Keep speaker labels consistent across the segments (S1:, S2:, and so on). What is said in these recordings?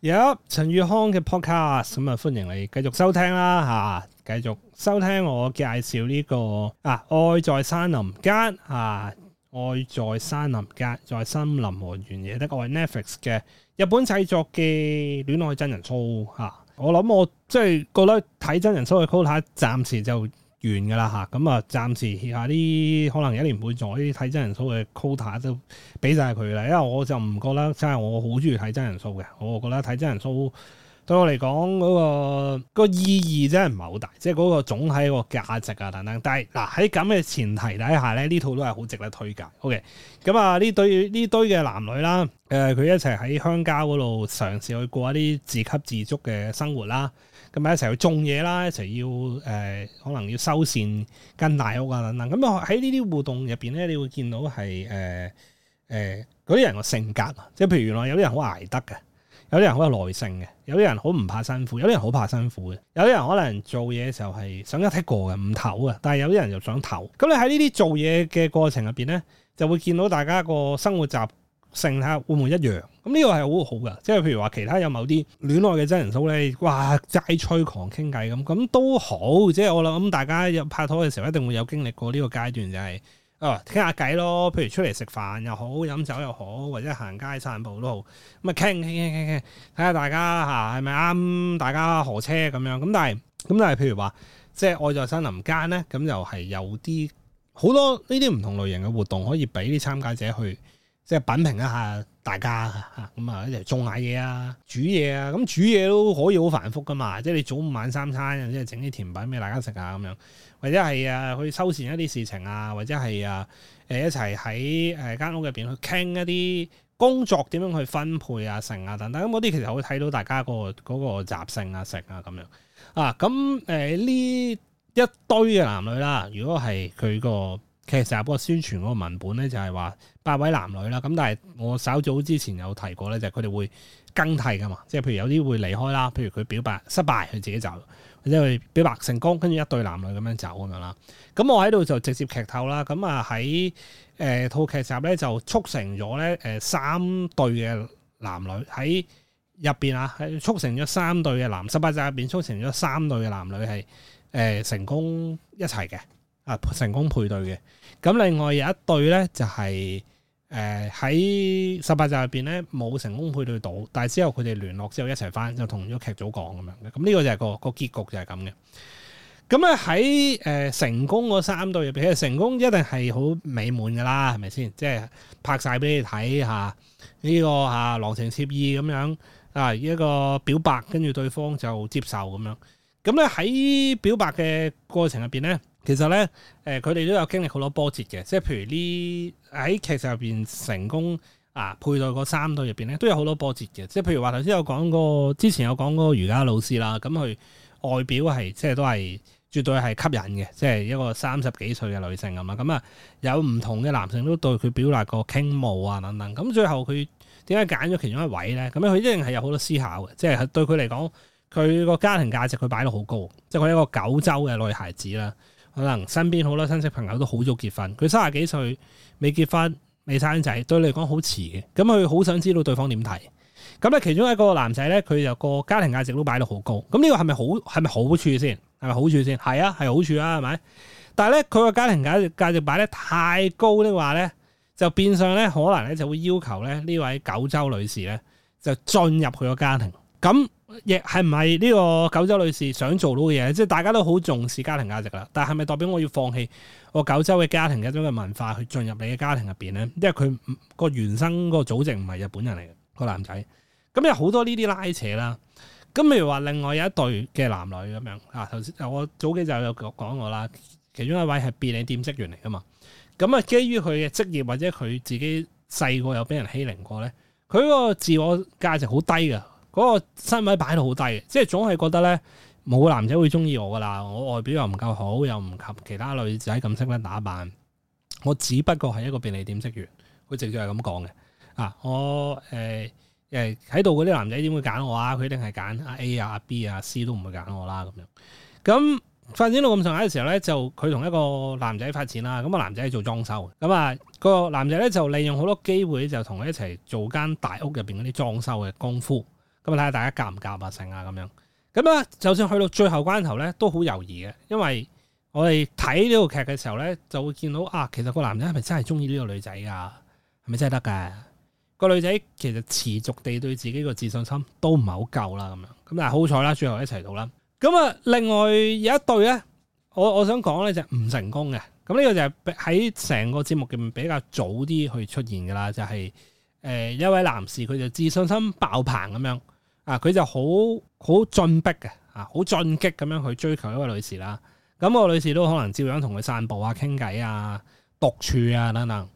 S1: 有陳宇康嘅 podcast，咁、嗯、啊歡迎你繼續收聽啦吓、啊，繼續收聽我介紹呢、這個啊愛在山林間啊，愛在山林間，在森林和原野，愛 Net 的個 Netflix 嘅日本製作嘅戀愛真人 show。吓、啊，我諗我即係覺得睇真人 show 嘅 quota，暫時就。完噶啦吓，咁、嗯、啊暫時撇下啲可能一年半載啲睇真人 show 嘅 quota 都俾晒佢啦，因為我就唔覺得，真係我好中意睇真人 show 嘅，我覺得睇真人 show。對我嚟講嗰個意義真係唔係好大，即係嗰個總體個價值啊等等。但係嗱喺咁嘅前提底下咧，呢套都係好值得推介。OK，咁啊呢堆呢堆嘅男女啦，誒、呃、佢一齊喺鄉郊嗰度嘗試去過一啲自給自足嘅生活啦，咁咪一齊去種嘢啦，一齊要誒、呃、可能要修繕間大屋啊等等。咁啊喺呢啲互動入邊咧，你會見到係誒誒嗰啲人個性格，即係譬如原來有啲人好捱得嘅。有啲人好有耐性嘅，有啲人好唔怕辛苦，有啲人好怕辛苦嘅，有啲人可能做嘢嘅時候係想一踢過嘅，唔唞嘅，但係有啲人又想唞。咁你喺呢啲做嘢嘅過程入邊咧，就會見到大家個生活習性會唔會一樣？咁呢個係好好噶，即係譬如話其他有某啲戀愛嘅真人 show 咧，哇齋吹狂傾偈咁，咁都好。即係我諗，大家有拍拖嘅時候一定會有經歷過呢個階段，就係。哦，傾下偈咯，譬如出嚟食飯又好，飲酒又好，或者行街散步都好，咁啊傾傾傾傾傾，睇下大家吓，係咪啱，大家何車咁樣？咁但係，咁但係譬如話，即係愛在森林間咧，咁又係有啲好多呢啲唔同類型嘅活動，可以俾啲參加者去。即係品評一下大家嚇，咁啊一齊做下嘢啊、煮嘢啊，咁煮嘢都、啊、可以好繁複噶嘛。即係你早午晚三餐，即係整啲甜品俾大家食啊咁樣，或者係啊去修繕一啲事情啊，或者係啊誒一齊喺誒間屋入邊去傾一啲工作點樣去分配啊、成啊等等咁嗰啲，等等嗯、其實會睇到大家、嗰個嗰、嗰個習性啊、食啊咁樣啊。咁誒呢一堆嘅男女啦，如果係佢個。劇集成個宣傳嗰個文本咧，就係話八位男女啦。咁但係我稍早之前有提過咧，就係佢哋會更替噶嘛。即係譬如有啲會離開啦，譬如佢表白失敗，佢自己走；或者佢表白成功，跟住一對男女咁樣走咁樣啦。咁我喺度就直接劇透啦。咁啊喺誒套劇集咧就促成咗咧誒三對嘅男女喺入邊啊，促成咗三對嘅男十八集入邊促成咗三對嘅男女係誒成功一齊嘅。啊，成功配對嘅。咁另外有一對咧，就係，就係誒喺十八集入邊咧冇成功配對到，但係之後佢哋聯絡之後一齊翻，就同咗劇組講咁樣嘅。咁、嗯、呢、呢個就係個個結局就係咁嘅。咁啊喺誒成功嗰三對入邊，成功一定係好美滿噶啦，係咪先？即係拍晒俾你睇嚇呢個啊，郎情妾意咁樣啊一個表白，跟住對方就接受咁樣。咁咧喺表白嘅過程入邊咧。其實咧，誒佢哋都有經歷好多波折嘅，即係譬如呢喺劇集入邊成功啊配對嗰三對入邊咧，都有好多波折嘅。即係譬如話頭先有講過，之前有講嗰個瑜伽老師啦，咁佢外表係即係都係絕對係吸引嘅，即係一個三十幾歲嘅女性啊嘛。咁啊，有唔同嘅男性都對佢表達過傾慕啊，等等。咁最後佢點解揀咗其中一位咧？咁樣佢一定係有好多思考嘅，即係對佢嚟講，佢個家庭價值佢擺到好高，即係佢一個九州嘅女孩子啦。可能身邊好多親戚朋友都好早結婚，佢三十幾歲未結婚未生仔，對你嚟講好遲嘅。咁佢好想知道對方點睇。咁咧其中一個男仔咧，佢就個家庭價值都擺到好高。咁呢個係咪好係咪好處先？係咪好處先？係啊係好處啊，係咪？但係咧佢個家庭價值價值擺得太高的話咧，就變相咧可能咧就會要求咧呢位九州女士咧就進入佢個家庭。咁。亦係唔係呢個九州女士想做到嘅嘢？即係大家都好重視家庭價值啦。但係咪代表我要放棄我九州嘅家庭嘅一種嘅文化去進入你嘅家庭入邊咧？因為佢個原生個組織唔係日本人嚟嘅個男仔。咁有好多呢啲拉扯啦。咁譬如話另外有一對嘅男女咁樣啊，頭先我早幾集有講講過啦。其中一位係便利店職員嚟噶嘛。咁啊，基於佢嘅職業或者佢自己細個有俾人欺凌過咧，佢個自我價值好低噶。嗰個身位擺到好低，即係總係覺得咧冇男仔會中意我噶啦，我外表又唔夠好，又唔及其他女仔咁識得打扮，我只不過係一個便利店職員，佢直接係咁講嘅。啊，我誒誒喺度嗰啲男仔點會揀我啊？佢一定係揀阿 A, A B, 啊、阿 B 啊、C 都唔會揀我啦咁樣。咁發展到咁上下嘅時候咧，就佢同一個男仔發展啦。咁啊，男仔係做裝修，咁、那、啊個男仔咧就利用好多機會就同佢一齊做一間大屋入邊嗰啲裝修嘅功夫。咁啊，睇下大家夾唔夾啊，成啊咁樣。咁啊，就算去到最後關頭咧，都好猶豫嘅，因為我哋睇呢套劇嘅時候咧，就會見到啊，其實個男人係咪真係中意呢個女仔噶、啊，係咪真係得嘅？個女仔其實持續地對自己個自信心都唔係好夠啦，咁樣。咁但係好彩啦，最後一齊到啦。咁啊，另外有一對咧，我我想講咧就係唔成功嘅。咁呢個就係喺成個節目嘅比較早啲去出現噶啦，就係、是。誒一位男士，佢就自信心爆棚咁樣啊，佢就好好進逼嘅啊，好進擊咁樣去追求一位女士啦。咁個女士都、那個、可能照樣同佢散步啊、傾偈啊、獨處啊等等。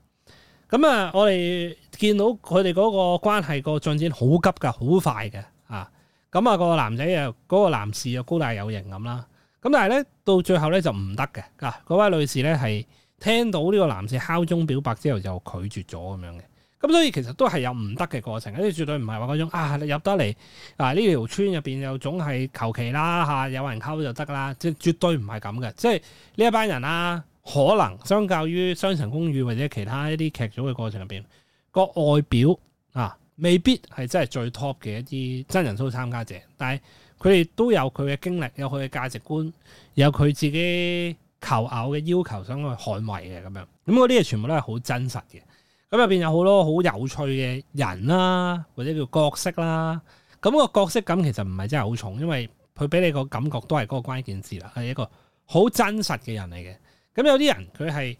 S1: 咁啊，我哋見到佢哋嗰個關係個進展好急㗎、好快嘅啊。咁啊，個男仔啊，嗰、那個男士又高大有型咁啦。咁但係咧，到最後咧就唔得嘅。嗱，嗰位女士咧係聽到呢個男士敲鐘表白之後就拒絕咗咁樣嘅。咁所以其實都係有唔得嘅過程，即係絕對唔係話嗰種啊入得嚟啊呢條村入邊又總係求其啦吓，有人溝就得啦、啊，即係絕對唔係咁嘅。即係呢一班人啦、啊，可能相較於雙層公寓或者其他一啲劇組嘅過程入邊，個外表啊未必係真係最 top 嘅一啲真人 show 參加者，但係佢哋都有佢嘅經歷，有佢嘅價值觀，有佢自己求偶嘅要求想去捍衛嘅咁樣。咁嗰啲係全部都係好真實嘅。咁入邊有好多好有趣嘅人啦，或者叫角色啦。咁個角色感其實唔係真係好重，因為佢俾你個感覺都係嗰個關鍵字啦，係一個好真實嘅人嚟嘅。咁有啲人佢係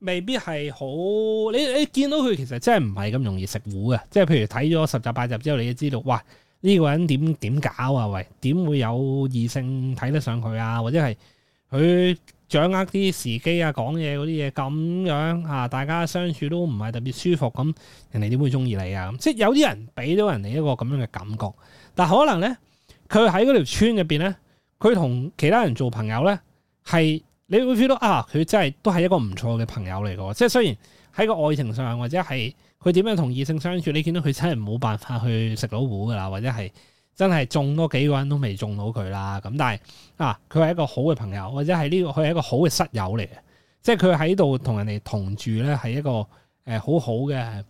S1: 未必係好，你你見到佢其實真係唔係咁容易食糊嘅。即係譬如睇咗十集八集之後，你就知道，哇，呢個人點點搞啊？喂，點會有異性睇得上佢啊？或者係佢。掌握啲時機啊，講嘢嗰啲嘢咁樣嚇，大家相處都唔係特別舒服，咁人哋點會鍾意你啊？即係有啲人俾到人哋一個咁樣嘅感覺，但可能咧，佢喺嗰條村入邊咧，佢同其他人做朋友咧，係你會 feel 到啊，佢真係都係一個唔錯嘅朋友嚟嘅。即係雖然喺個愛情上或者係佢點樣同異性相處，你見到佢真係冇辦法去食到糊噶啦，或者係。真係中多幾個人都未中到佢啦，咁但係啊，佢係一個好嘅朋友，或者係呢、這個佢係一個好嘅室友嚟嘅，即係佢喺度同人哋同住咧，係一個誒、呃、好好嘅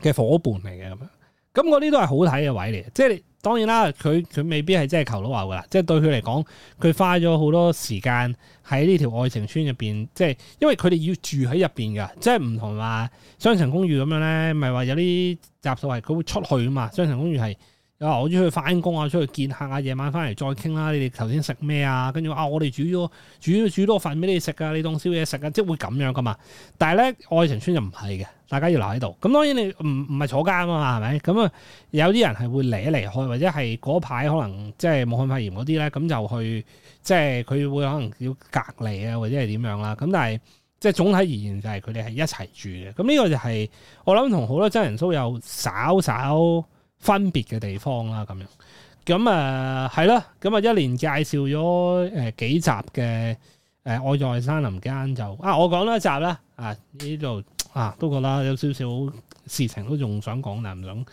S1: 嘅夥伴嚟嘅咁樣。咁嗰啲都係好睇嘅位嚟，即係當然啦，佢佢未必係真係求老話噶，即係對佢嚟講，佢花咗好多時間喺呢條愛情村入邊，即係因為佢哋要住喺入邊噶，即係唔同話雙層公寓咁樣咧，咪係話有啲集數係佢會出去噶嘛，雙層公寓係。啊！我出去翻工啊，出去見客啊，夜晚翻嚟再傾啦。你哋頭先食咩啊？跟住啊，我哋煮咗煮煮多份俾你食噶，你當宵夜食啊，即係會咁樣噶嘛。但係咧，愛情村就唔係嘅，大家要留喺度。咁當然你唔唔係坐監啊嘛，係咪？咁啊，有啲人係會離一離開，或者係嗰排可能即係武漢肺炎嗰啲咧，咁就去即係佢會可能要隔離啊，或者係點樣啦。咁但係即係總體而言就係佢哋係一齊住嘅。咁呢個就係、是、我諗同好多真人 show 有稍稍。分別嘅地方啦，咁樣咁誒係啦，咁、嗯、啊一連介紹咗誒幾集嘅誒愛在山林間就啊，我講多一集啦啊，呢度啊都覺得有少少事情都仲想講，但唔想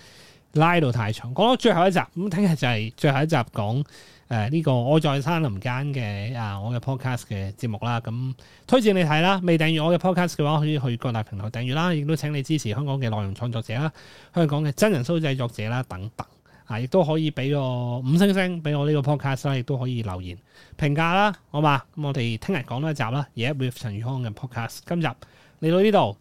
S1: 拉到太長，講到最後一集咁，聽日就係最後一集講。誒呢個我在山林間嘅啊，我嘅 podcast 嘅節目啦，咁、嗯、推薦你睇啦。未訂閱我嘅 podcast 嘅話，可以去各大平台訂閱啦。亦都請你支持香港嘅內容創作者啦，香港嘅真人 show 製作者啦等等啊，亦都可以俾我五星星，俾我呢個 podcast 啦，亦都可以留言評價啦，好嘛？咁我哋聽日講多一集啦，而家會有陳宇康嘅 podcast，今日嚟到呢度。